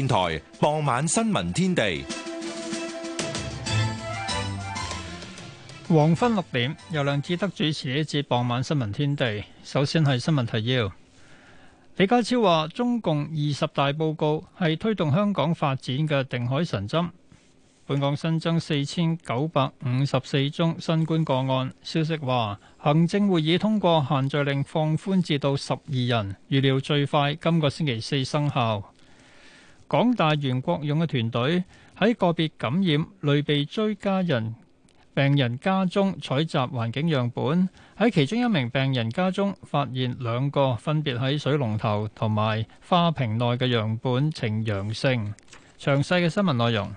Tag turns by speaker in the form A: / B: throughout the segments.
A: 電台傍晚新聞天地，
B: 黃昏六點由梁志德主持呢節傍晚新聞天地。首先係新聞提要。李家超話中共二十大報告係推動香港發展嘅定海神針。本港新增四千九百五十四宗新冠個案。消息話行政會議通過限聚令放寬至到十二人，預料最快今個星期四生效。港大袁國勇嘅團隊喺個別感染類被追加人病人家中採集環境樣本，喺其中一名病人家中發現兩個分別喺水龍頭同埋花瓶內嘅樣本呈陽性。詳細嘅新聞內容。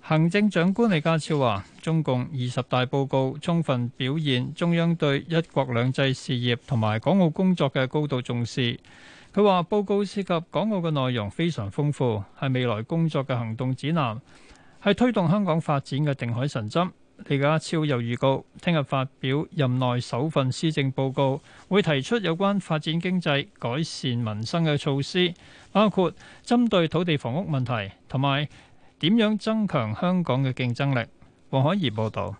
B: 行政長官李家超話中共二十大報告充分表現中央對一國兩制事業同埋港澳工作嘅高度重視。佢話：報告涉及港澳嘅內容非常豐富，係未來工作嘅行動指南，係推動香港發展嘅定海神針。李家超又預告，聽日發表任內首份施政報告，會提出有關發展經濟、改善民生嘅措施，包括針對土地房屋問題，同埋點樣增強香港嘅競爭力。黃海怡報導。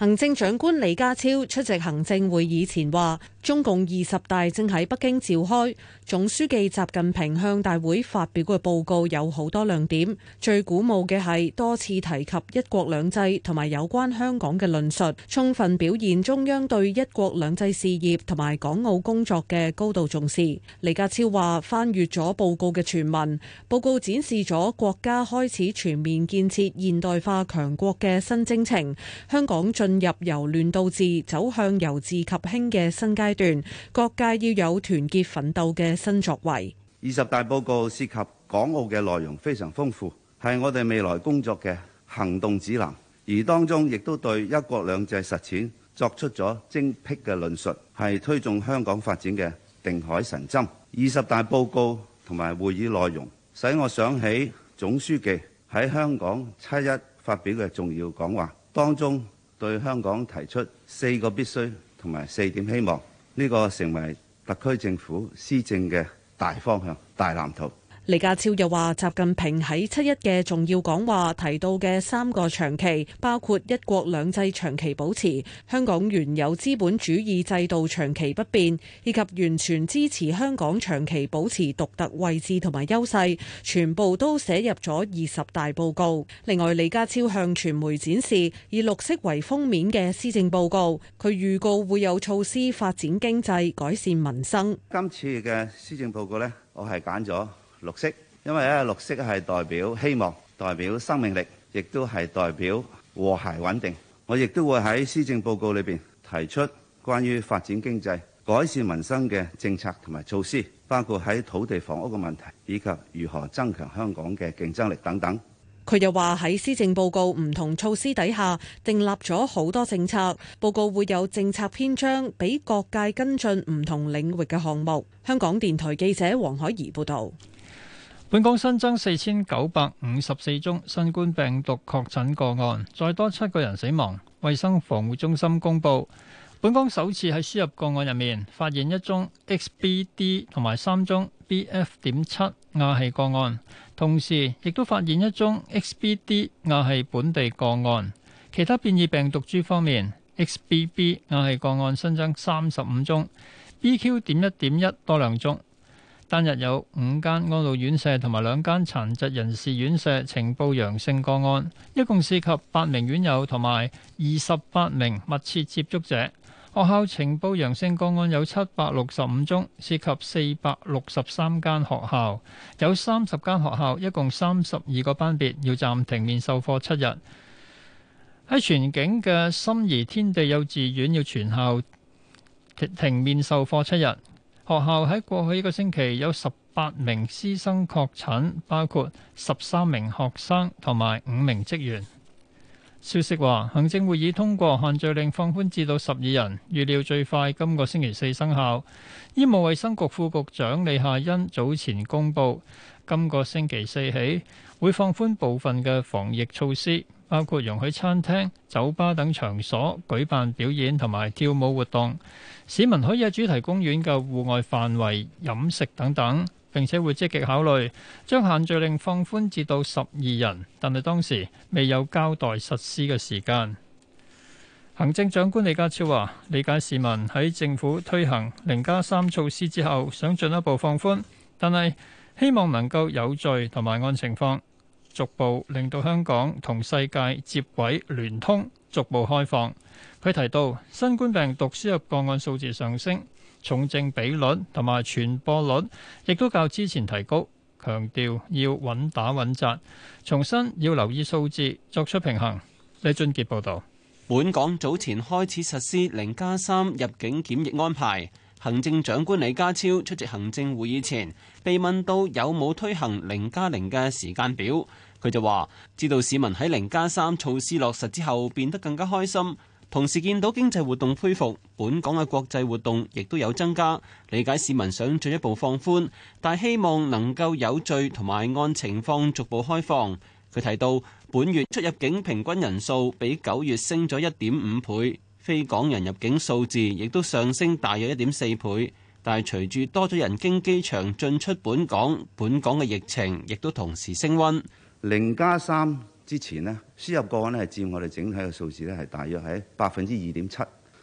C: 行政長官李家超出席行政會議前話，中共二十大正喺北京召開，總書記習近平向大會發表嘅報告有好多亮點，最鼓舞嘅係多次提及一國兩制同埋有關香港嘅論述，充分表現中央對一國兩制事業同埋港澳工作嘅高度重視。李家超話，翻閱咗報告嘅全文，報告展示咗國家開始全面建設現代化強國嘅新征程，香港進。進入由亂到治、走向由治及興嘅新階段，各界要有團結奮鬥嘅新作為。
D: 二十大報告涉及港澳嘅內容非常豐富，係我哋未來工作嘅行動指南，而當中亦都對一國兩制實踐作出咗精辟嘅論述，係推動香港發展嘅定海神針。二十大報告同埋會議內容，使我想起總書記喺香港七一發表嘅重要講話當中。對香港提出四個必須同埋四點希望，呢個成為特區政府施政嘅大方向、大藍圖。
C: 李家超又話：習近平喺七一嘅重要講話提到嘅三個長期，包括一國兩制長期保持、香港原有資本主義制度長期不變，以及完全支持香港長期保持獨特位置同埋優勢，全部都寫入咗二十大報告。另外，李家超向傳媒展示以綠色為封面嘅施政報告，佢預告會有措施發展經濟、改善民
D: 生。今次嘅施政報告呢，我係揀咗。綠色，因為咧，綠色係代表希望，代表生命力，亦都係代表和諧穩定。我亦都會喺施政報告裏邊提出關於發展經濟、改善民生嘅政策同埋措施，包括喺土地房屋嘅問題，以及如何增強香港嘅競爭力等等。
C: 佢又話喺施政報告唔同措施底下訂立咗好多政策，報告會有政策篇章俾各界跟進唔同領域嘅項目。香港電台記者黃海怡報導。
B: 本港新增四千九百五十四宗新冠病毒確診個案，再多七個人死亡。衛生防護中心公布，本港首次喺輸入個案入面發現一宗 XBD 同埋三宗 BF. 點七亞系個案，同時亦都發現一宗 XBD 亞系本地個案。其他變異病毒株方面，XBB 亞系個案新增三十五宗，BQ. 點一點一多兩宗。單日有五間安老院舍同埋兩間殘疾人士院舍呈報陽性個案，一共涉及八名院友同埋二十八名密切接觸者。學校呈報陽性個案有七百六十五宗，涉及四百六十三間學校，有三十間學校，一共三十二個班別要暫停面授課七日。喺荃景嘅心怡天地幼稚園要全校停停面授課七日。學校喺過去一個星期有十八名師生確診，包括十三名學生同埋五名職員。消息話，行政會議通過限聚令放寬至到十二人，預料最快今個星期四生效。醫務衛生局副局長李夏茵早前公布，今個星期四起會放寬部分嘅防疫措施。包括容許餐廳、酒吧等場所舉辦表演同埋跳舞活動，市民可以喺主題公園嘅戶外範圍飲食等等。並且會積極考慮將限聚令放寬至到十二人，但係當時未有交代實施嘅時間。行政長官李家超話：理解市民喺政府推行零加三措施之後，想進一步放寬，但係希望能夠有序同埋按情況。逐步令到香港同世界接軌、聯通，逐步開放。佢提到新冠病毒輸入個案數字上升，重症比率同埋傳播率亦都較之前提高，強調要穩打穩
E: 紮，重新要留意數字，作出平衡。李俊杰報道，本港早前開始實施零加三入境檢疫安排。行政長官李家超出席行政會議前，被問到有冇推行零加零嘅時間表，佢就話：知道市民喺零加三措施落實之後變得更加開心，同時見到經濟活動恢復，本港嘅國際活動亦都有增加，理解市民想進一步放寬，但希望能夠有序同埋按情況逐步開放。佢提到本月出入境平均人數比九月升咗一點五倍。非港人入境數字亦都上升大約一點四倍，但係
D: 隨住多咗人經機場進出本港，本港嘅疫情亦都同時升溫。零加三之前呢，輸入個案呢係佔我哋整體嘅數字呢係大約喺百分之二點七，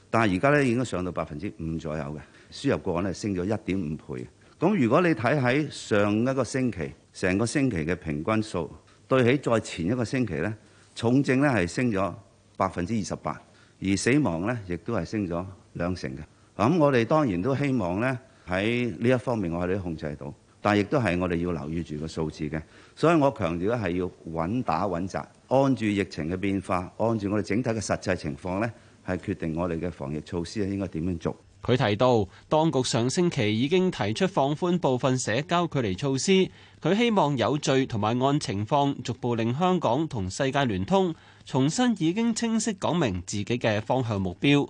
D: 但係而家呢已經上到百分之五左右，嘅輸入個案呢升咗一點五倍。咁如果你睇喺上一個星期，成個星期嘅平均數對起再前一個星期呢，重症呢係升咗百分之二十八。而死亡呢，亦都係升咗兩成嘅。咁、嗯、我哋當然都希望呢，喺呢一方面我哋都控制到，但係亦都係我哋要留意住個數字嘅。所以我強調，咧係要穩打穩紮，按住疫情嘅變化，按住我哋整體嘅實際情況呢，係決定我哋嘅防疫措施應該點樣做。
E: 佢提到，當局上星期已經提出放寬部分社交距離措施，佢希望有序同埋按情況逐步令香港同世界聯通。重新已經清晰講明自己嘅方向目標。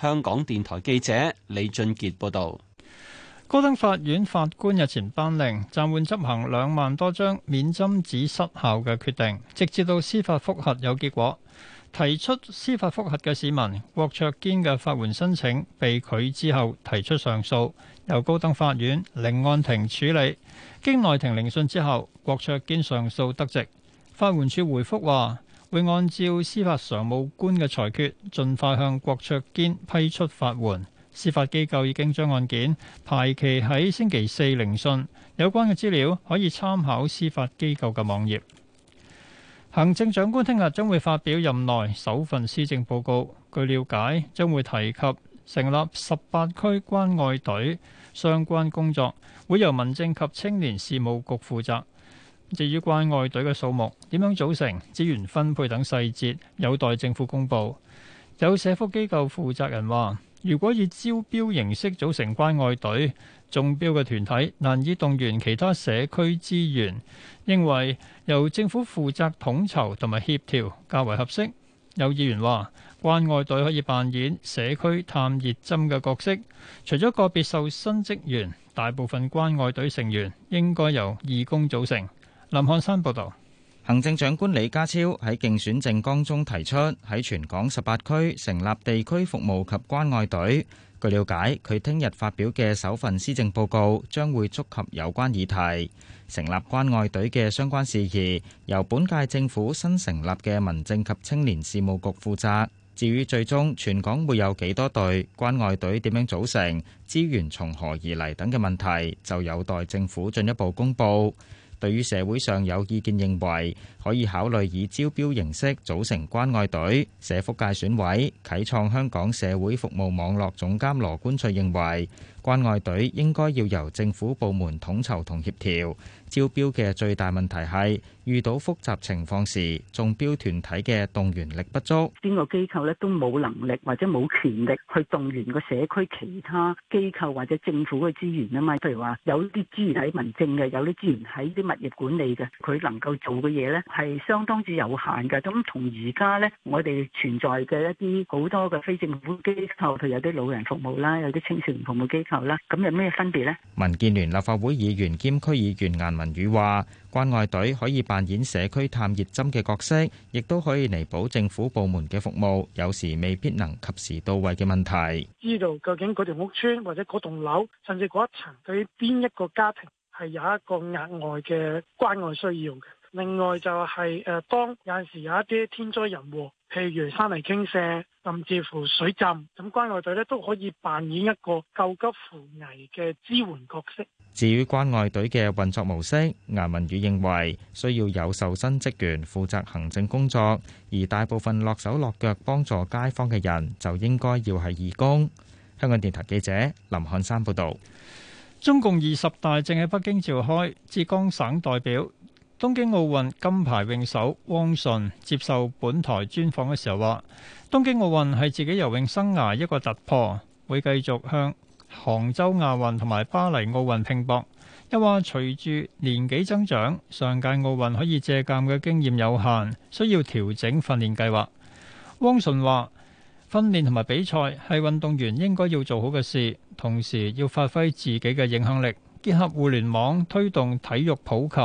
E: 香港電台記者李俊傑報導，
B: 高等法院法官日前頒令暫緩執行兩萬多張免針紙失效嘅決定，直至到司法覆核有結果。提出司法覆核嘅市民郭卓堅嘅法援申請被拒之後，提出上訴，由高等法院另案庭處理。經內庭聆訊之後，郭卓堅上訴得直。法援處回覆話，會按照司法常務官嘅裁決，盡快向郭卓堅批出法援。司法機構已經將案件排期喺星期四聆訊。有關嘅資料可以參考司法機構嘅網頁。行政長官聽日將會發表任內首份施政報告，據了解將會提及成立十八區關愛隊相關工作，會由民政及青年事務局負責。至於關愛隊嘅數目、點樣組成、資源分配等細節，有待政府公布。有社福機構負責人話，如果以招標形式組成關愛隊，中標嘅團體難以動員其他社區資源，認為由政府負責統籌同埋協調較為合適。有議員話，關愛隊可以扮演社區探熱針嘅角色，除咗個別受薪職員，大部分關愛隊成員應該由義工組成。林漢山報道，
F: 行政長官李家超喺競選政綱中提出喺全港十八區成立地區服務及關愛隊。據了解，佢聽日發表嘅首份施政報告將會觸及有關議題。成立關愛隊嘅相關事宜由本屆政府新成立嘅民政及青年事務局負責。至於最終全港會有幾多隊關愛隊，點樣組成、資源從何而嚟等嘅問題，就有待政府進一步公布。對於社會上有意見認為可以考慮以招標形式組成關愛隊，社福界選委、啟創香港社會服務網絡總監羅冠翠認為，關愛隊應該要由政府部門統籌同協調，招標嘅最大問題係，遇到複雜情況時，中標團體嘅動員力不足，
C: 邊個機構咧都冇
G: 能力或者冇權力去動員個社區其他機構或者政府嘅資源啊嘛？譬如話有啲資源喺民政嘅，有啲資源喺啲物業管理嘅，佢能夠做嘅嘢咧係相當之有限嘅。咁同而家咧，我哋存在嘅一啲好多嘅非政府機構，譬如有啲老人服務啦，有啲青少年服務機構啦，咁有咩分別呢？
F: 民建聯立法會議員兼區議員顏文宇話。關愛隊可以扮演社區探熱針嘅角色，亦都可以彌補政府部門嘅服務，有時未必能及時到位嘅問題。
D: 知道究竟嗰條屋村或者嗰棟樓，甚至嗰一
H: 層，對於邊一個家庭係有一個額外嘅關愛需要嘅。另外就係誒，當有陣時有一啲天災人禍。譬如山泥傾瀉，甚至乎水浸，咁關愛隊呢都可以扮演一個救急扶危嘅支援角色。
F: 至於關愛隊嘅運作模式，顏文宇認為需要有受薪職員負責行政工作，而大部分落手落腳幫助街坊嘅人，就應該要係義工。香港電台記者林漢山報導。
B: 中共二十大正喺北京召開，浙江省代表。東京奧運金牌泳手汪順接受本台專訪嘅時候話，東京奧運係自己游泳生涯一個突破，會繼續向杭州亞運同埋巴黎奧運拼搏。又話隨住年紀增長，上屆奧運可以借鑒嘅經驗有限，需要調整訓練計劃。汪順話，訓練同埋比賽係運動員應該要做好嘅事，同時要發揮自己嘅影響力，結合互聯網推動體育普及。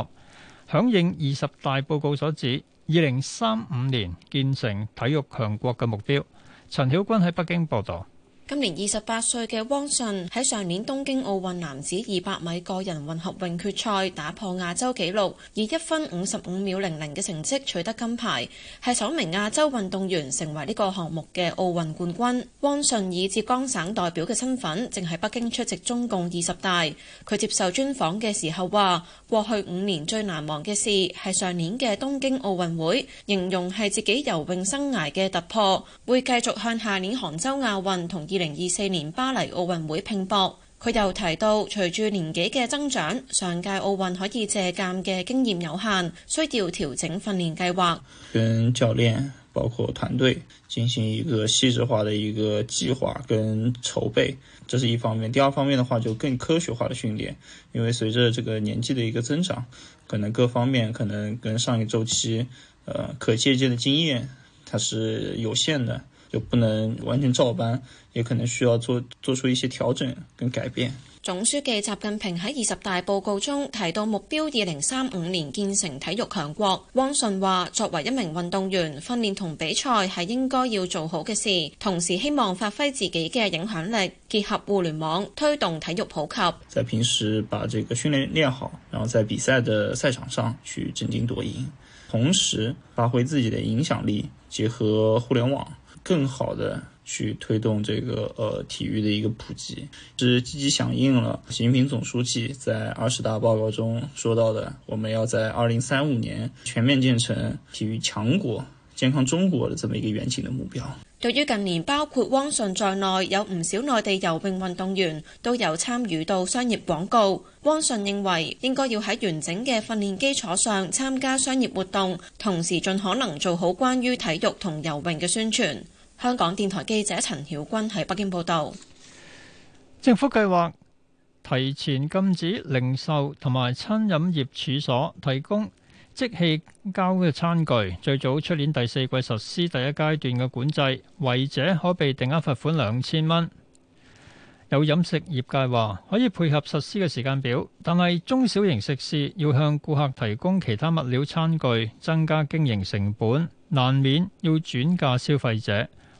B: 響應二十大報告所指，二零三五年建成體育強國嘅目標。陳曉君喺北京報導。
I: 今年二十八歲嘅汪順喺上年東京奧運男子二百米個人混合泳決賽打破亞洲紀錄，以一分五十五秒零零嘅成績取得金牌，係首名亞洲運動員成為呢個項目嘅奧運冠軍。汪順以浙江省代表嘅身份，正喺北京出席中共二十大。佢接受專訪嘅時候話：過去五年最難忘嘅事係上年嘅東京奧運會，形容係自己游泳生涯嘅突破，會繼續向下年杭州亞運同二零二四年巴黎奧運會拼搏，佢又提到，隨住年紀嘅增長，上屆奧運可以借鑒嘅經驗有限，需要調整訓練計劃。
J: 跟教練，包括團隊進行一個細致化的一個計劃跟籌備，這是一方面。第二方面的話，就更科學化的訓練，因為隨着這個年紀嘅一個增長，可能各方面，可能跟上一周期，呃，可借鑒的經驗它是有限的，就不能完全照搬。也可能需要做做出一些調整跟改變。
I: 總書記習近平喺二十大報告中提到目標，二零三五年建成體育強國。汪順話，作為一名運動員，訓練同比賽係應該要做好嘅事，同時希望發揮自己嘅影響力，結合互聯網推動體育普及。
J: 在平時把這個訓練練好，然後在比賽的賽場上去爭金奪銀，同時發揮自己的影響力，結合互聯網，更好的。去推動這個，呃，體育的一個普及，是積極響應了習近平總書記在二十大報告中說到的，我們要在二零三五年全面建成體育強國、健康中國的這麼一個遠景的目標。
I: 對於近年包括汪順在內，有唔少內地游泳運動員都有參與到商業廣告，汪順認為應該要喺完整嘅訓練基礎上參加商業活動，同時盡可能做好關於體育同游泳嘅宣傳。香港電台記者陳曉君喺北京報道。
B: 政府計劃提前禁止零售同埋餐飲業處所提供即棄膠嘅餐具，最早出年第四季實施第一階段嘅管制，違者可被定額罰款兩千蚊。有飲食業界話可以配合實施嘅時間表，但係中小型食肆要向顧客提供其他物料餐具，增加經營成本，難免要轉嫁消費者。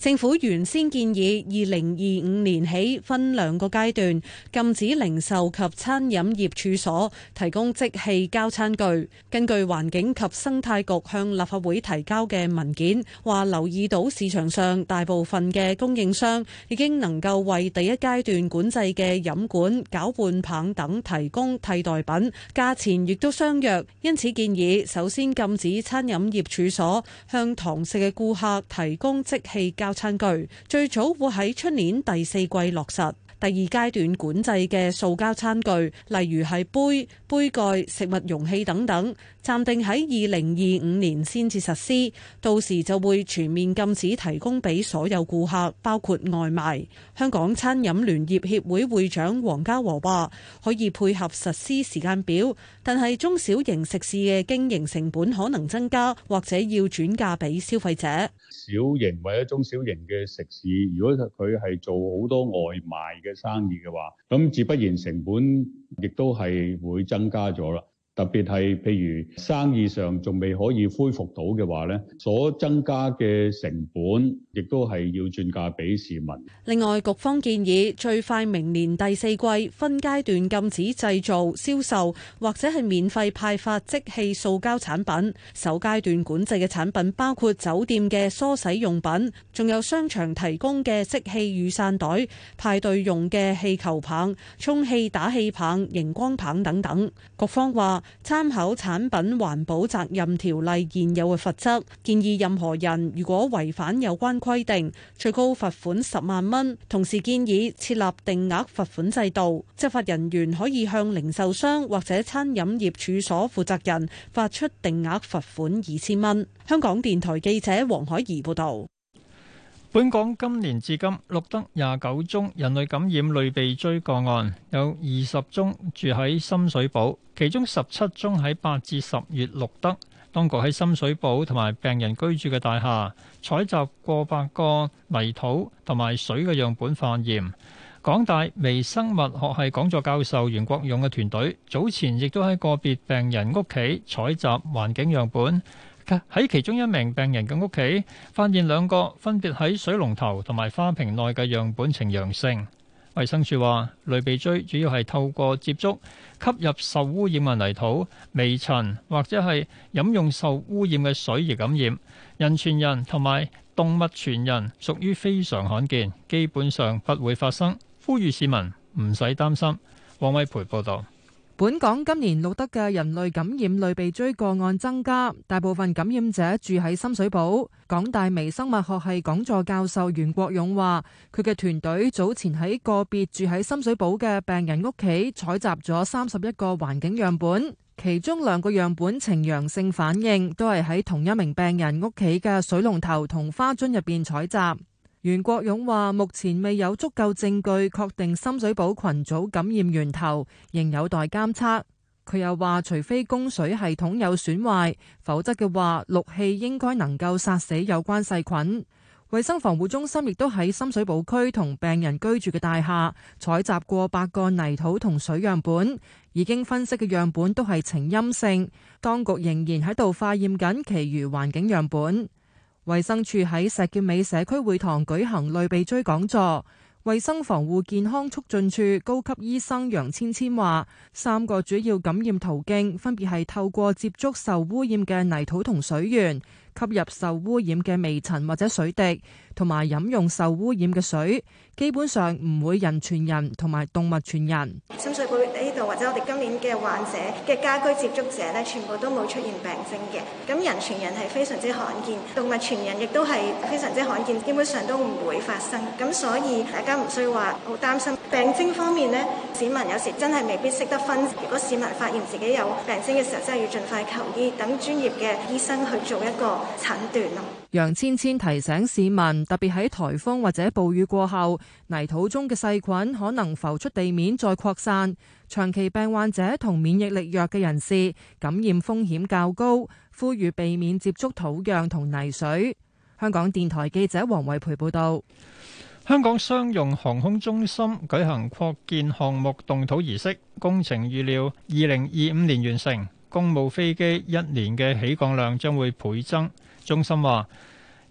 C: 政府原先建議二零二五年起分兩個階段禁止零售及餐飲業處所提供即棄膠餐具。根據環境及生態局向立法會提交嘅文件，話留意到市場上大部分嘅供應商已經能夠為第一階段管制嘅飲管、攪拌棒等提供替代品，價錢亦都相若，因此建議首先禁止餐飲業處所向堂食嘅顧客提供即棄膠餐具最早會喺出年第四季落實，第二階段管制嘅塑膠餐具，例如係杯、杯蓋、食物容器等等。暫定喺二零二五年先至實施，到時就會全面禁止提供俾所有顧客，包括外賣。香港餐飲聯業協會會長黃家和話，可以配合實施時間表，但係中小型食肆嘅經營成本可能增加，或者要轉嫁俾消費者。
A: 小型或者中小型嘅食肆，如果佢係做好多外賣嘅生意嘅話，咁自不然成本亦都係會增加咗啦。特別係譬如生意上仲未可以恢復到嘅話，咧，所增加嘅成本亦都係要轉嫁俾市民。
C: 另外，局方建議最快明年第四季分階段禁止製造、銷售或者係免費派發即棄塑膠產品。首階段管制嘅產品包括酒店嘅梳洗用品，仲有商場提供嘅即棄雨傘袋、派對用嘅氣球棒、充氣打氣棒、熒光棒等等。局方話。參考產品環保責任條例現有嘅罰則，建議任何人如果違反有關規定，最高罰款十萬蚊。同時建議設立定額罰款制度，執法人員可以向零售商或者餐飲業處所負責人發出定額罰款二千蚊。香港電台記者黃海怡報道。
B: 本港今年至今錄得廿九宗人類感染類鼻疽個案，有二十宗住喺深水埗。其中十七宗喺八至十月錄得，當局喺深水埗同埋病人居住嘅大廈採集過百個泥土同埋水嘅樣本，化驗。港大微生物學系講座教授袁國勇嘅團隊早前亦都喺個別病人屋企採集環境樣本，喺其中一名病人嘅屋企發現兩個分別喺水龍頭同埋花瓶內嘅樣本呈陽性。衛生署話，類鼻疽主要係透過接觸、吸入受污染嘅泥土、微塵或者係飲用受污染嘅水而感染。人傳人同埋動物傳人屬於非常罕見，基本上不會發生。呼籲市民唔使擔心。王偉培報道。
K: 本港今年錄得嘅人類感染類鼻疽個案增加，大部分感染者住喺深水埗。港大微生物學系講座教授袁國勇話，佢嘅團隊早前喺個別住喺深水埗嘅病人屋企採集咗三十一個環境樣本，其中兩個樣本呈陽性反應，都係喺同一名病人屋企嘅水龍頭同花樽入邊採集。袁國勇話：目前未有足夠證據確定深水埗群組感染源頭，仍有待監測。佢又話：除非供水系統有損壞，否則嘅話，氯氣應該能夠殺死有關細菌。衛生防護中心亦都喺深水埗區同病人居住嘅大廈採集過百個泥土同水樣本，已經分析嘅樣本都係呈陰性。當局仍然喺度化驗緊其餘環境樣本。衛生署喺石硖尾社區會堂舉行類鼻疽講座，衛生防護健康促進處高級醫生楊芊芊話，三個主要感染途徑分別係透過接觸受污染嘅泥土同水源，吸入受污染嘅微塵或者水滴，同埋飲用受污染嘅水。基本上唔會人傳人，同埋動物傳人。
L: 或者我哋今年嘅患者嘅家居接觸者咧，全部都冇出現病徵嘅。咁人傳人係非常之罕見，動物傳人亦都係非常之罕見，基本上都唔會發生。咁所以大家唔需要話好擔心。病徵方面咧，市民有時真係未必識得分。如果市民發現自己有病徵嘅時候，真係要盡快求醫，等專業嘅醫生去做一個診斷咯。
K: 楊千千提醒市民，特別喺颱風或者暴雨過後，泥土中嘅細菌可能浮出地面再擴散。長期病患者同免疫力弱嘅人士感染風險較高，呼籲避免接觸土壤同泥水。香港電台記者黃慧培報道。
B: 香港商用航空中心舉行擴建項目動土儀式，工程預料二零二五年完成。公務飛機一年嘅起降量將會倍增。中心話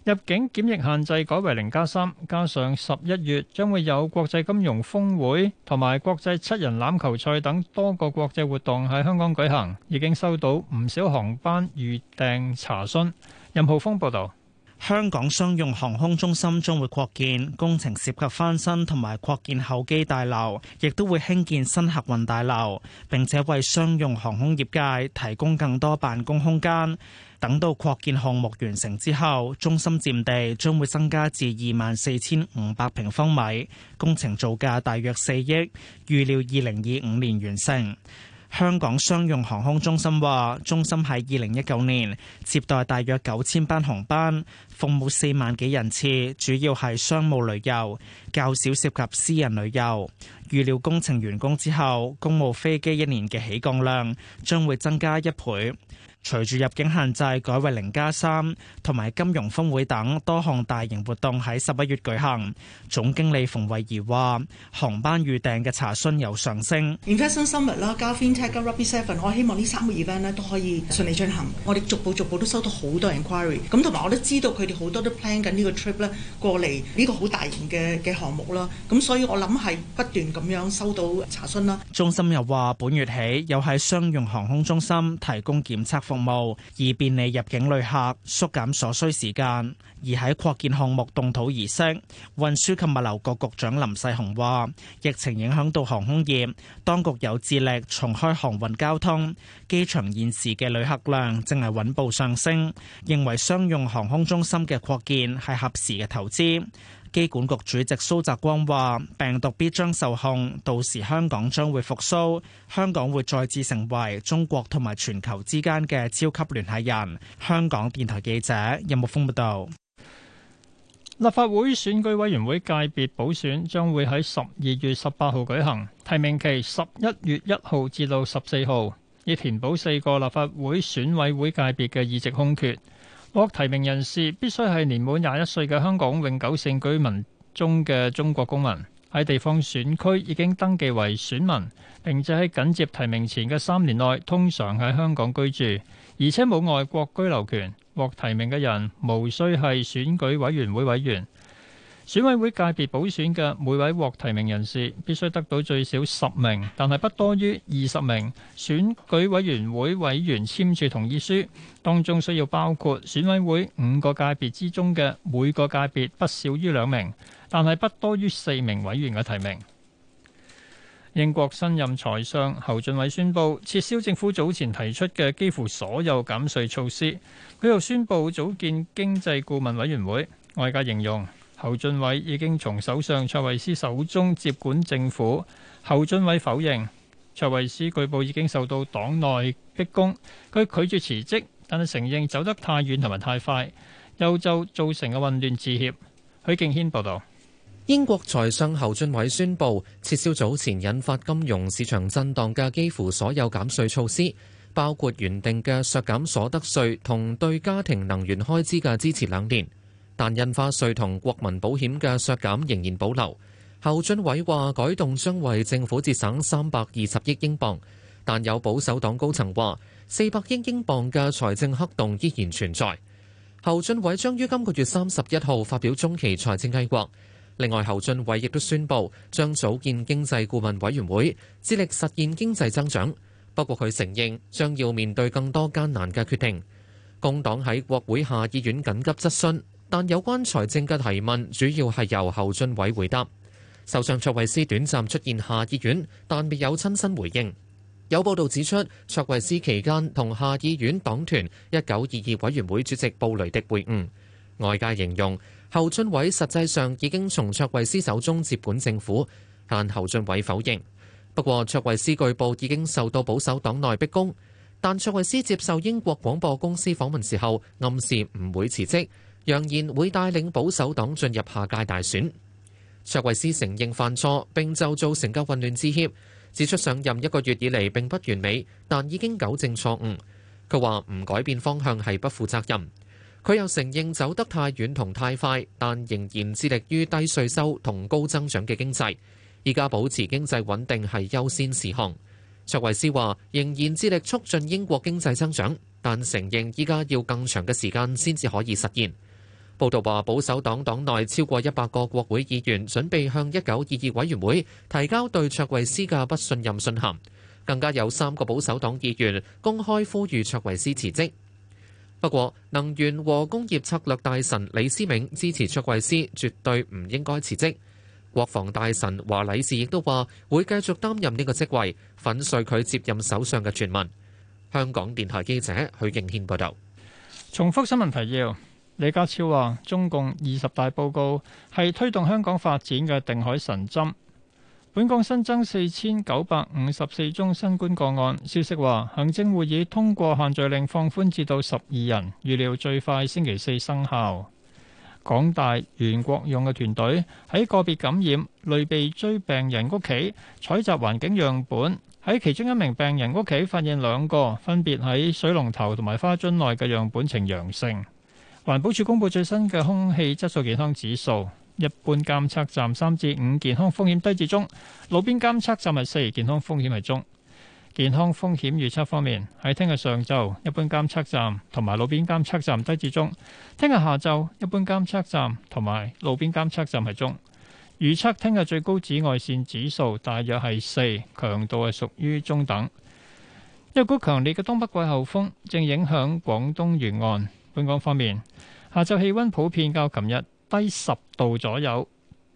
B: 入境檢疫限制改為零加三，3，加上十一月將會有國際金融峰會同埋國際七人欖球賽等多個國際活動喺香港舉行，已經收到唔少航班預訂查詢。任浩峰報導。香港商用航
M: 空中心將會擴建，工程涉及翻新同埋擴建候機大樓，亦都會興建新客運大樓，並且為商用航空業界提供更多辦公空間。等到擴建項目完成之後，中心佔地將會增加至二萬四千五百平方米，工程造價大約四億，預料二零二五年完成。香港商用航空中心話，中心喺二零一九年接待大約九千班航班，服務四萬幾人次，主要係商務旅遊，較少涉及私人旅遊，預料工程完工之後，公務飛機一年嘅起降量將會增加一倍。隨住入境限制改為零加三，同埋金融峰會等多項大型活動喺十一月舉行。總經理馮慧儀話：，航班預訂嘅查詢有上升。Investment Summit 啦、Fintech 啦、Rugby Seven，我希望呢三個 event 咧都可以順利進行。的我哋逐步逐步都收到好多 inquiry，咁同埋我都知道佢哋好多都 plan 緊呢個 trip 咧過嚟呢個好大型嘅嘅項目啦。咁所以我諗係不斷咁樣收到查詢啦。中心又話：本月起有喺商用航空中心提供檢測。服務，以便利入境旅客，縮減所需時間。而喺擴建項目動土儀式，運輸及物流局局長林世雄話：，疫情影響到航空業，當局有致力重開航運交通。機場現時嘅旅客量正係穩步上升，認為商用航空中心嘅擴建係合時嘅投資。機管局主席蘇澤光話：病毒必將受控，到時香港將會復蘇，香港會再次成為中國同埋全球之間嘅
B: 超級聯繫人。香港電台記者任木峰報道。立法會選舉委員會界別補選將會喺十二月十八號舉行，提名期十一月一號至到十四號，以填補四個立法會選委會界別嘅議席空缺。獲提名人士必須係年滿廿一歲嘅香港永久性居民中嘅中國公民，喺地方選區已經登記為選民，並且喺緊接提名前嘅三年內通常喺香港居住，而且冇外國居留權。獲提名嘅人無需係選舉委員會委員。選委會界別補選嘅每位獲提名人士必須得到最少十名，但係不多於二十名選舉委員會委員簽署同意書，當中需要包括選委會五個界別之中嘅每個界別不少於兩名，但係不多於四名委員嘅提名。英國新任財相侯俊偉宣布撤銷政府早前提出嘅幾乎所有減稅措施。佢又宣布組建經濟顧問委員會。外界形容。侯俊偉已經從首相卓慧思手中接管政府。侯俊偉否認卓慧思據報已經受到黨內逼宮，佢拒絕辭職，但係承認走得太遠同埋太快，又就造成嘅混亂致歉。
N: 許敬軒報導，英國財相侯俊偉宣布撤銷早前引發金融市場震盪嘅幾乎所有減稅措施，包括原定嘅削減所得稅同對家庭能源開支嘅支持兩年。但印花稅同國民保險嘅削減仍然保留。侯俊偉話改動將為政府節省三百二十億英鎊，但有保守黨高層話四百億英鎊嘅財政黑洞依然存在。侯俊偉將於今個月三十一號發表中期財政計劃。另外，侯俊偉亦都宣佈將組建經濟顧問委員會，致力實現經濟增長。不過，佢承認將要面對更多艱難嘅決定。工黨喺國會下議院緊急質詢。但有關財政嘅提問主要係由侯俊偉回答。首相卓慧思短暫出現下議院，但未有親身回應。有報道指出，卓慧思期間同下議院黨團一九二二委員會主席布雷迪會晤。外界形容侯俊偉實際上已經從卓慧思手中接管政府，但侯俊偉否認。不過，卓慧思據報已經受到保守黨內逼宮，但卓慧思接受英國廣播公司訪問時候暗示唔會辭職。揚言會帶領保守黨進入下屆大選。卓慧思承認犯錯，並就造成嘅混亂致歉，指出上任一個月以嚟並不完美，但已經糾正錯誤。佢話唔改變方向係不負責任。佢又承認走得太遠同太快，但仍然致力於低稅收同高增長嘅經濟。依家保持經濟穩定係優先事項。卓慧思話仍然致力促進英國經濟增長，但承認依家要更長嘅時間先至可以實現。報道話，保守黨黨內超過一百個國會議員準備向一九二二委員會提交對卓慧思嘅不信任信函，更加有三個保守黨議員公開呼籲卓慧思辭職。不過，能源和工業策略大臣李思銘支持卓慧思，絕對唔應該辭職。國防大臣華禮士亦都話會繼續擔任呢個職位，粉碎佢接任首相嘅傳聞。香港電台記者許敬軒報導。
B: 重複新聞提要。李家超話：中共二十大報告係推動香港發展嘅定海神針。本港新增四千九百五十四宗新冠個案。消息話，行政會議通過限聚令放寬至到十二人，預料最快星期四生效。港大袁國勇嘅團隊喺個別感染類別追病人屋企採集環境樣本，喺其中一名病人屋企發現兩個，分別喺水龍頭同埋花樽內嘅樣本呈陽性。環保署公布最新嘅空氣質素健康指數，一般監測站三至五，健康風險低至中；路邊監測站係四，健康風險係中。健康風險預測方面，喺聽日上晝，一般監測站同埋路邊監測站低至中；聽日下晝，一般監測站同埋路邊監測站係中。預測聽日最高紫外線指數大約係四，強度係屬於中等。一股強烈嘅東北季候風正影響廣東沿岸。本港方面，下晝氣溫普遍較琴日低十度左右。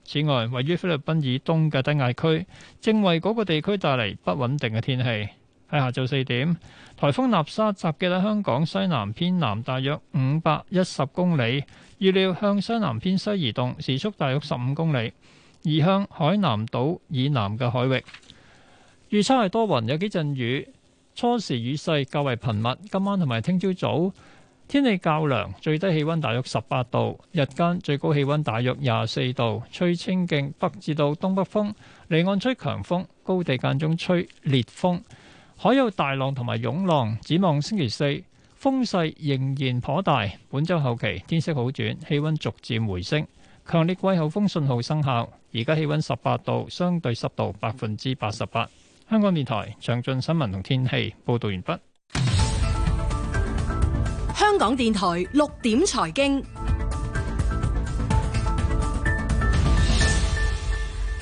B: 此外，位於菲律賓以東嘅低壓區，正為嗰個地區帶嚟不穩定嘅天氣。喺下晝四點，颱風納沙集結喺香港西南偏南大約五百一十公里，預料向西南偏西移動，時速大約十五公里，移向海南島以南嘅海域。預測係多雲，有幾陣雨，初時雨勢較為頻密，今晚同埋聽朝早。天氣較涼，最低氣溫大約十八度，日間最高氣溫大約廿四度，吹清勁北至到東北風，離岸吹強風，高地間中吹烈風，海有大浪同埋湧浪。展望星期四，風勢仍然頗大。本周後期天色好轉，氣溫逐漸回升。強烈季候風信號生效，而家氣溫十八度，相對濕度百分之八十八。香港電台詳盡新聞同天氣報道完畢。
G: 香港電台六點財經，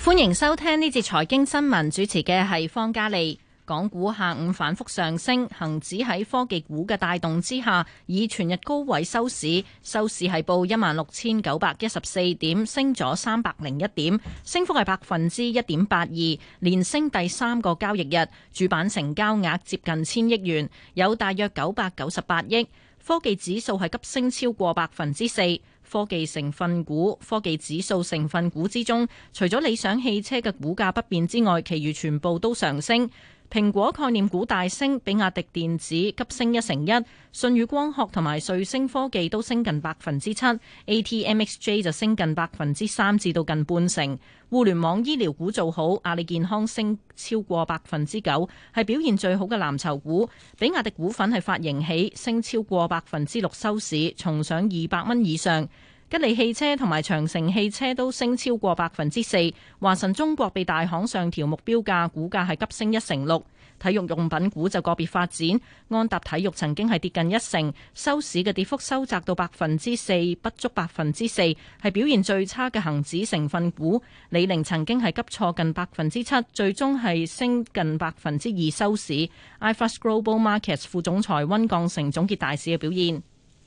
G: 歡迎收聽呢節財經新聞。主持嘅係方嘉利。港股下午反復上升，恒指喺科技股嘅帶動之下，以全日高位收市，收市係報一萬六千九百一十四點，升咗三百零一點，升幅係百分之一點八二，連升第三個交易日。主板成交額接近千億元，有大約九百九十八億。科技指數係急升超過百分之四，科技成分股、科技指數成分股之中，除咗理想汽車嘅股價不變之外，其餘全部都上升。蘋果概念股大升，比亞迪電子急升一成一，舜宇光學同埋瑞聲科技都升近百分之七，ATMXJ 就升近百分之三至到近半成。互聯網醫療股做好，阿里健康升超過百分之九，係表現最好嘅藍籌股。比亞迪股份係發盈喜，升超過百分之六收市，重上二百蚊以上。吉利汽車同埋長城汽車都升超過百分之四，華晨中國被大行上調目標價，股價係急升一成六。體育用品股就個別發展，安踏體育曾經係跌近一成，收市嘅跌幅收窄到百分之四，不足百分之四係表現最差嘅恒指成分股。李寧曾經係急挫近百分之七，最終係升近百分之二收市。iFast Global Markets 副總裁溫鋼成總結大市嘅表現。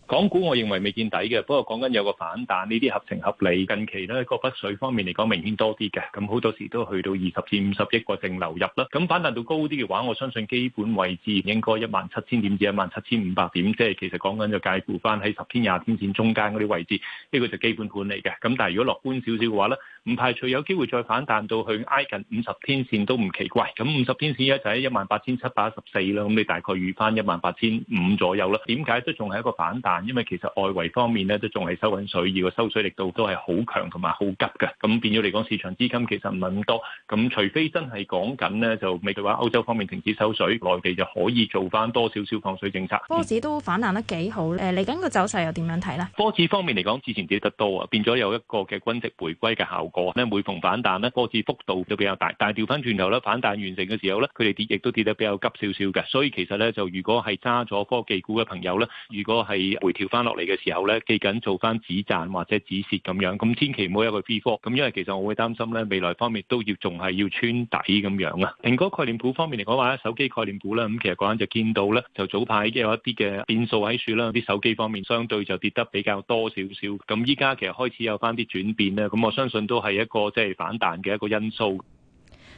A: 港股我認為未見底嘅，不過講緊有個反彈，呢啲合情合理。近期咧個北水方面嚟講，明顯多啲嘅，咁好多時都去到二十至五十億個淨流入啦。咁反彈到高啲嘅話，我相信基本位置應該一萬七千點至一萬七千五百點，即係其實講緊就介乎翻喺十天、廿天線中間嗰啲位置，呢、呢個就基本管理嘅。咁但係如果樂觀少少嘅話咧。唔排除有機會再反彈到去挨近五十天線都唔奇怪。咁五十天線依家就喺一萬八千七百一十四啦，咁你大概預翻一萬八千五左右啦。點解都仲係一個反彈？因為其實外圍方面咧都仲係收緊水，而個收水力度都係好強同埋好急嘅。咁變咗嚟講，市場資金其實唔係咁多。咁除非真係講緊咧，就美國話歐洲方面停止收水，內地就可以做翻多少少放水政策。科指都
O: 反彈得幾好。誒、呃，嚟緊個走勢又點樣睇咧？
A: 科指方面嚟講，之前跌得多啊，變咗有一個嘅均值回歸嘅效果。咧每逢反彈咧，個波幅度都比較大，但係調翻轉頭咧，反彈完成嘅時候咧，佢哋跌亦都跌得比較急少少嘅，所以其實咧就如果係揸咗科技股嘅朋友咧，如果係回調翻落嚟嘅時候咧，記緊做翻止賺或者止蝕咁樣，咁千祈唔好有個跌幅，咁因為其實我會擔心咧未來方面都要仲係要穿底咁樣啊。蘋果概念股方面嚟講話，手機概念股咧，咁其實嗰陣就見到咧，就早排有一啲嘅變數喺處啦，啲手機方面相對就跌得比較多少少，咁依家其實開始有翻啲轉變咧，咁我相信都。係一個即係反彈嘅一個因素。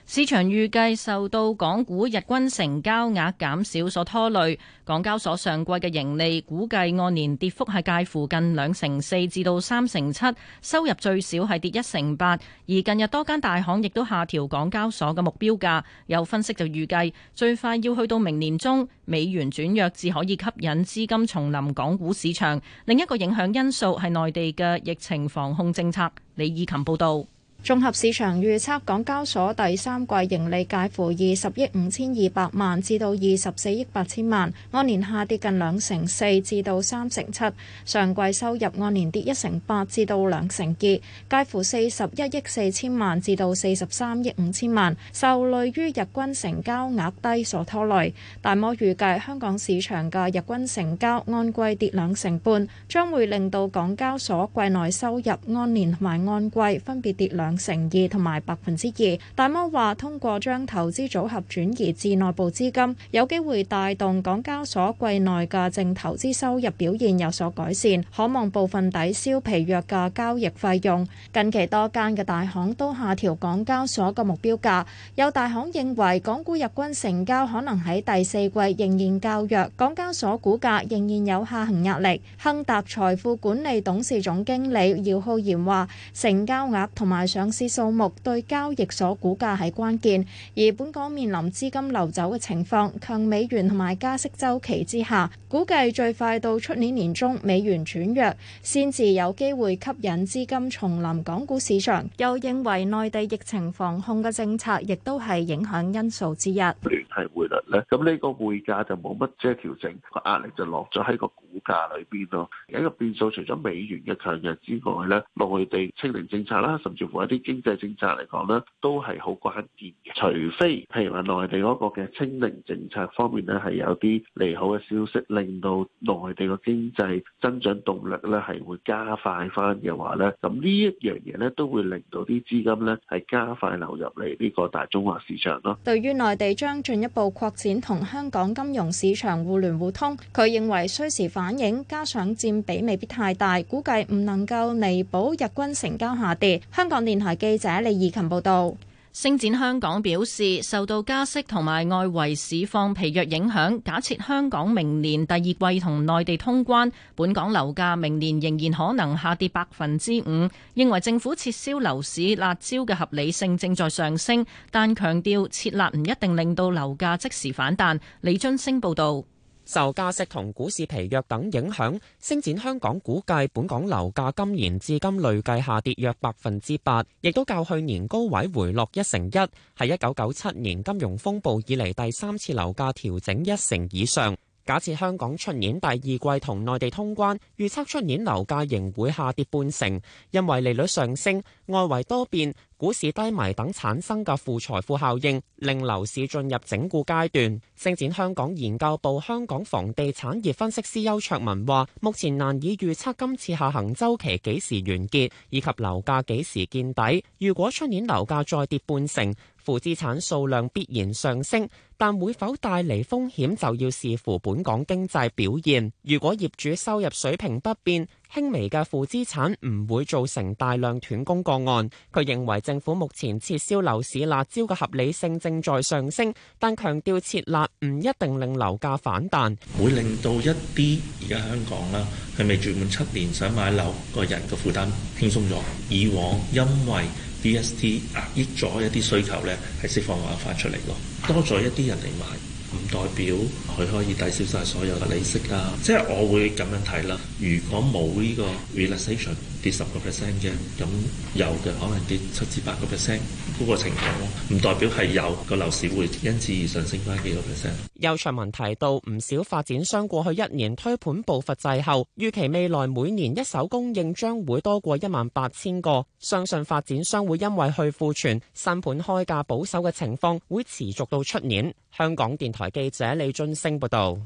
G: 市場預計受到港股日均成交額減少所拖累，港交所上季嘅盈利估計按年跌幅係介乎近兩成四至到三成七，收入最少係跌一成八。而近日多間大行亦都下調港交所嘅目標價，有分析就預計最快要去到明年中美元轉弱，至可以吸引資金重臨港股市場。另一個影響因素係內地嘅疫情防控政策。李以琴報道。
O: 綜合市場預測，港交所第三季盈利介乎二十億五千二百萬至到二十四億八千萬，按年下跌近兩成四至到三成七。上季收入按年跌一成八至到兩成二，介乎四十一億四千萬至到四十三億五千萬，受累於日均成交額低所拖累。大摩預計香港市場嘅日均成交按季跌兩成半，將會令到港交所季內收入按年同埋按季分別跌兩兩成二同埋百分之二，大摩話通過將投資組合轉移至內部資金，有機會帶動港交所季內嘅淨投資收入表現有所改善，可望部分抵消疲弱嘅交易費用。近期多間嘅大行都下調港交所嘅目標價，有大行認為港股日均成交可能喺第四季仍然較弱，港交所股價仍然有下行壓力。亨達財富管理董事總經理姚浩然話：成交額同埋。上市數目對交易所股價係關鍵，而本港面臨資金流走嘅情況，強美元同埋加息周期之下，估計最快到出年年中美元轉弱，先至有機會吸引資金重臨港股市場。又認為內地疫情防控嘅政策亦都係影響因素之一。
A: 聯繫匯率呢？咁呢個匯價就冇乜即係調整，個壓力就落咗喺個股價裏邊咯。而一個變數，除咗美元嘅強弱之外呢，內地清零政策啦，甚至乎啲經濟政策嚟講呢都係好關鍵嘅。除非譬如話內地嗰個嘅清零政策方面呢係有啲利好嘅消息，令到內地個經濟增長動力呢係會加快翻嘅話呢，咁呢一樣嘢呢都會令到啲資金呢係加快流入嚟呢個大中華市場咯。
O: 對於內地將進一步擴展同香港金融市場互聯互通，佢認為需時反映，加上佔比未必太大，估計唔能夠彌補日均成交下跌。香港年台記者李怡琴報道，星展香港表示，受
G: 到加息同埋外圍市況疲弱影響，假設香港明年第二季同內地通關，本港樓價明年仍然可能下跌百分之五。認為政府撤銷樓市辣招嘅合理性正在上升，但強調撤辣唔
H: 一定令到樓價即時反彈。李津升報道。受加息同股市疲弱等影響，星展香港估計本港樓價今年至今累計下跌約百分之八，亦都較去年高位回落一成一，係一九九七年金融風暴以嚟第三次樓價調整一成以上。假設香港出年第二季同內地通關，預測出年樓價仍會下跌半成，因為利率上升、外圍多變、股市低迷等產生嘅負財富效應，令樓市進入整固階段。星展香港研究部香港房地產業分析師邱卓文話：目前難以預測今次下行週期幾時完結，以及樓價幾時見底。如果出年樓價再跌半成，負資產數量必然上升，但會否帶嚟風險就要視乎本港經濟表現。如果業主收入水平不變，輕微嘅負資產唔會造成大量斷供個案。佢認為政府目前撤銷樓市辣招嘅合理性正在上升，但強調撤辣唔一定令樓價反彈，會令到一
D: 啲
M: 而家香港啦，佢未住滿七年想買樓個人嘅負擔輕鬆咗。以往因為 DST 壓抑咗一啲需求咧，係釋放話翻出嚟咯，多咗一啲人嚟買，唔代表佢可以抵消晒所有嘅利息啦、啊。即係我會咁樣睇啦。如果冇呢個 realisation。跌十個 percent 嘅，咁有嘅可能跌七至八個 percent 嗰個情況咯，唔代表係有，嗰個樓市
D: 會因此而上升翻幾個 percent。
H: 有長文提到，唔少發展商過去一年推盤步伐滯後，預期未來每年一手供應將會多過一萬八千個，相信發展商會因為去庫存新盤開價保守嘅情況會持續到出年。香港電台記者李俊升報道。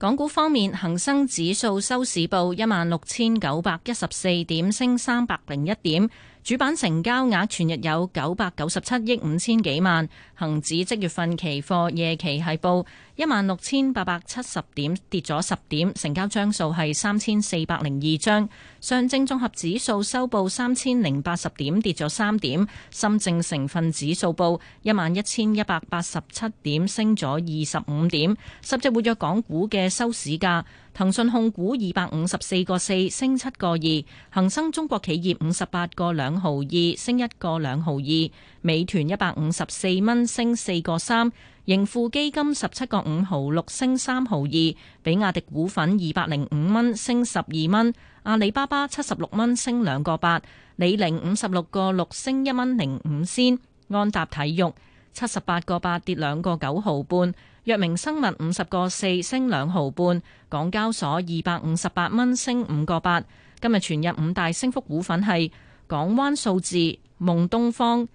G: 港股方面，恒生指數收市報一萬六千九百一十四點，升三百零一點。主板成交額全日有九百九十七億五千幾萬，恒指即月份期貨夜期係報一萬六千八百七十點，跌咗十點，成交張數係三千四百零二張。上證綜合指數收報三千零八十點，跌咗三點。深證成分指數報一萬一千一百八十七點，升咗二十五點。十隻活躍港股嘅收市價。騰訊控股二百五十四個四升七個二，恒生中國企業五十八個兩毫二升一個兩毫二，美團一百五十四蚊升四個三，盈富基金十七個五毫六升三毫二，比亞迪股份二百零五蚊升十二蚊，阿里巴巴七十六蚊升兩個八，李寧五十六個六升一蚊零五仙，安踏體育七十八個八跌兩個九毫半。藥明生物五十個四升兩毫半，港交所二百五十八蚊升五個八。今日全日五大升幅股份係港灣數字、夢東方、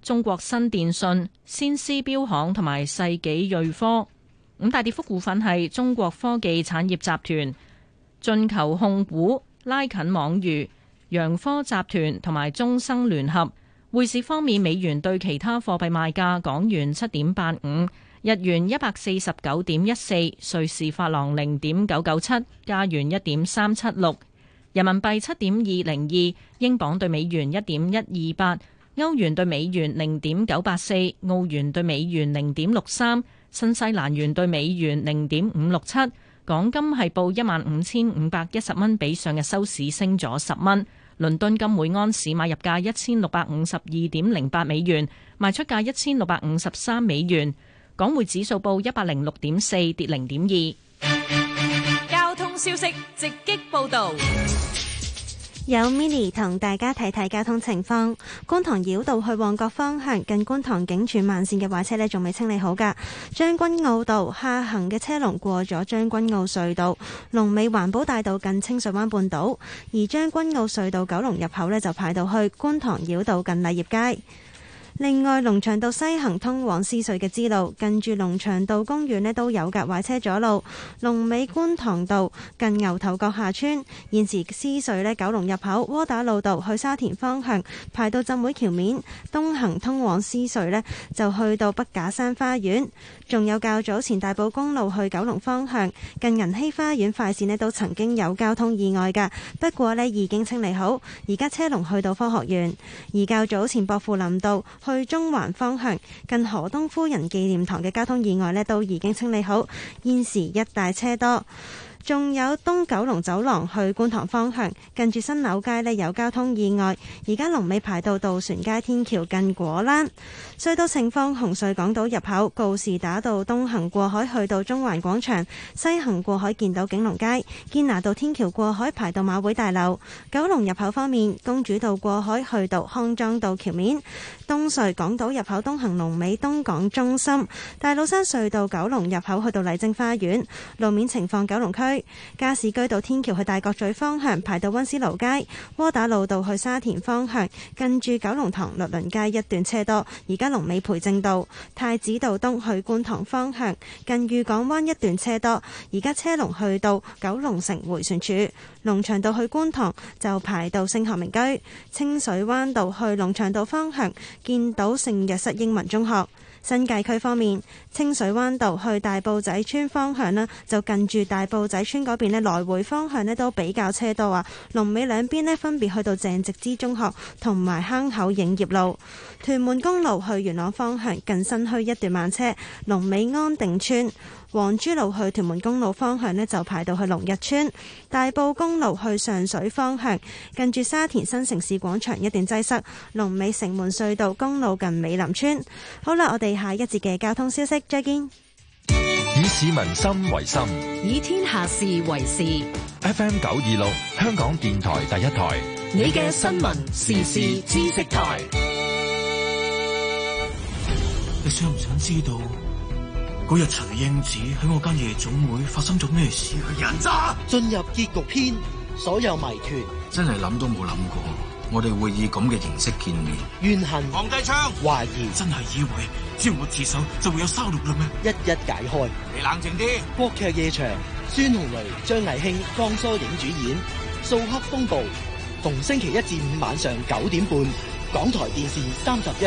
G: 中國新電信、先施錶行同埋世紀瑞科。五大跌幅股份係中國科技產業集團、駿球控股、拉近網娛、揚科集團同埋中生聯合。匯市方面，美元對其他貨幣賣價港元七點八五。日元一百四十九點一四，瑞士法郎零點九九七，加元一點三七六，人民幣七點二零二，英鎊兌美元一點一二八，歐元兌美元零點九八四，澳元兌美元零點六三，新西蘭元兌美元零點五六七。港金係報一萬五千五百一十蚊，比上日收市升咗十蚊。倫敦金每安士買入價一千六百五十二點零八美元，賣出價一千六百五十三美元。港匯指數報一百零六點四，跌零點二。
K: 交通消息直擊報道，
G: 有 Mini 同大家睇睇交
L: 通情況。觀塘繞道去旺角方向，近觀塘警署慢線嘅貨車咧，仲未清理好噶。將軍澳道下行嘅車龍過咗將軍澳隧道，龍尾環保大道近清水灣半島，而將軍澳隧道九龍入口咧就排到去觀塘繞道近麗業街。另外，龍翔道西行通往獅隧嘅支路，近住龍翔道公園咧都有架壞車阻路。龍尾觀塘道近牛頭角下村，現時獅隧咧九龍入口窩打老道去沙田方向排到浸會橋面，東行通往獅隧咧就去到畢架山花園。仲有較早前大埔公路去九龍方向，近銀禧花園快線咧都曾經有交通意外嘅，不過咧已經清理好，而家車龍去到科學園。而較早前薄扶林道。去中環方向，近何東夫人紀念堂嘅交通意外咧，都已經清理好。現時一帶車多，仲有東九龍走廊去觀塘方向，近住新柳街咧有交通意外。而家龍尾排到渡船街天橋近果欄，隧道盛況，紅隧港島入口告士打道東行過海去到中環廣場，西行過海見到景隆街堅拿道天橋過海排到馬會大樓。九龍入口方面，公主道過海去到康莊道橋面。東隧港島入口東行龍尾東港中心，大老山隧道九龍入口去到麗晶花園路面情況，九龍區加士居道天橋去大角咀方向排到溫思勞街，窩打老道去沙田方向，近住九龍塘律倫街一段車多，而家龍尾培正道太子道東去觀塘方向近裕港灣一段車多，而家車龍去到九龍城回旋處，龍翔道去觀塘就排到星河明居，清水灣道去龍翔道方向，見到聖若瑟英文中學，新界區方面，清水灣道去大埔仔村方向呢，就近住大埔仔村嗰邊呢，來回方向呢都比較車多啊。龍尾兩邊呢，分別去到鄭植之中學同埋坑口影業路，屯門公路去元朗方向近新墟一段慢車，龍尾安定村。黃珠路去屯門公路方向呢，就排到去龍日村，大埔公路去上水方向近住沙田新城市廣場一段擠塞，龍尾城門隧道公路近美林村。好啦，我哋下一節嘅交通消息，再見。
A: 以市民心為心，
L: 以天下事為事。
A: FM 九二六，香港電台第一台，
N: 你嘅新聞時事知識台。
A: 你想唔想知道？
N: 嗰日徐英子喺我間夜總會發生咗咩事啊！人渣！進入結局篇，所有謎團真係諗都冇諗過，我哋會以咁
E: 嘅形式見面。
M: 怨恨王繼昌懷疑，真係以為只要我自首就會有收錄啦咩？一一解開。你冷靜啲。國劇夜場，孫紅雷、張藝興、江疏影主演《掃黑風暴》，逢星期一至五晚上九點半，港台電視三十一，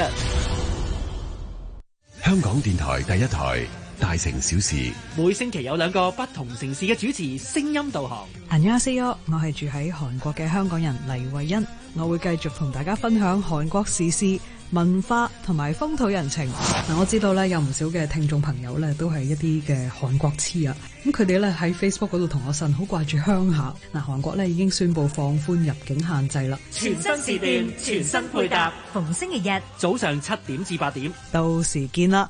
A: 香港電台第一台。大城小事，
M: 每星期有兩個不同城市嘅主持聲音導
C: 航。Hello，我係住喺韓國嘅香港人黎慧欣，我會繼續同大家分享韓國時事、文化同埋風土人情。嗱，我知道咧有唔少嘅聽眾朋友咧都係一啲嘅韓國痴啊，咁佢哋咧喺 Facebook 嗰度同我信好掛住鄉下。嗱，韓國咧已經宣布放寬入境限制啦。全新時段，全
G: 新配搭，逢星期日
H: 早上七點至八點，
A: 到時見啦。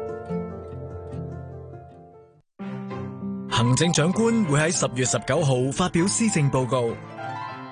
K: 行政長官會喺十月十九號發表施政報告。